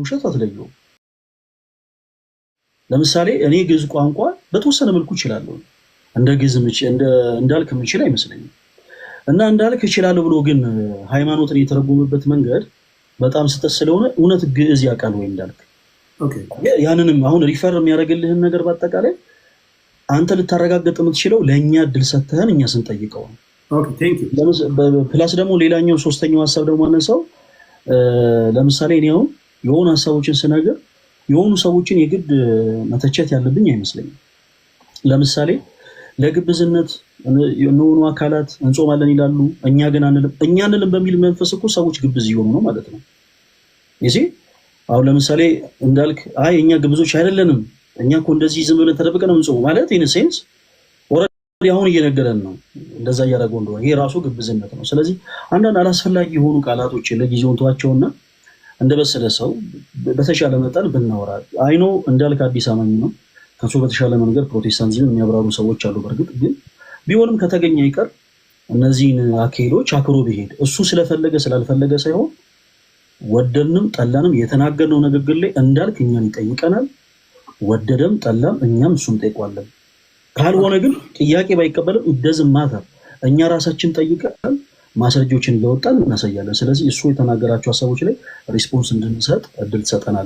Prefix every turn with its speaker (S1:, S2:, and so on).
S1: ውሸት አትለየውም። ለምሳሌ እኔ ግዕዝ ቋንቋ በተወሰነ መልኩ እችላለሁ፣ እንደ ግዕዝ እንዳልክ የምችል አይመስለኝም። እና እንዳልክ እችላለሁ ብሎ ግን ሃይማኖትን የተረጎመበት መንገድ በጣም ስጠት ስለሆነ እውነት ግዕዝ ያውቃል ወይ እንዳልክ? ያንንም አሁን ሪፈር የሚያደርግልህን ነገር በአጠቃላይ አንተ ልታረጋገጥ የምትችለው ለእኛ እድል ሰተህን እኛ ስንጠይቀው ነው። ፕላስ ደግሞ ሌላኛው ሶስተኛው ሀሳብ ደግሞ አነሳው። ለምሳሌ እኔ አሁን የሆኑ ሀሳቦችን ስነግር የሆኑ ሰዎችን የግድ መተቸት ያለብኝ አይመስለኝም። ለምሳሌ ለግብዝነት የሆኑ አካላት እንጾማለን ይላሉ፣ እኛ ግን አንልም። እኛ አንልም በሚል መንፈስ እኮ ሰዎች ግብዝ እየሆኑ ነው ማለት ነው። ይህ አሁን ለምሳሌ እንዳልክ አይ እኛ ግብዞች አይደለንም፣ እኛ እኮ እንደዚህ ዝም ብለን ተደብቀ ነው እንጾሙ ማለት ኢን ሴንስ ኦልሬዲ አሁን እየነገረን ነው እንደዛ እያደረገው እንደሆነ። ይሄ ራሱ ግብዝነት ነው። ስለዚህ አንዳንድ አላስፈላጊ የሆኑ ቃላቶች ለጊዜው እንተዋቸውና እንደበሰለ ሰው በተሻለ መጠን ብናወራ አይኖ እንዳልክ አዲስ አማኝ ነው። ከሱ በተሻለ መንገድ ፕሮቴስታንቲዝም የሚያብራሩ ሰዎች አሉ። በእርግጥ ግን ቢሆንም ከተገኘ ይቀር እነዚህን አካሄዶች አክሮ ቢሄድ እሱ ስለፈለገ ስላልፈለገ ሳይሆን ወደንም ጠላንም የተናገርነው ንግግር ላይ እንዳልክ እኛን ይጠይቀናል። ወደደም ጠላም እኛም እሱን ጠይቋለን። ካልሆነ ግን ጥያቄ ባይቀበልም ማተር እኛ ራሳችን ጠይቀናል። ማስረጃዎችን እያወጣን እናሳያለን። ስለዚህ እሱ የተናገራቸው ሀሳቦች ላይ ሪስፖንስ እንድንሰጥ እድል ትሰጠናል።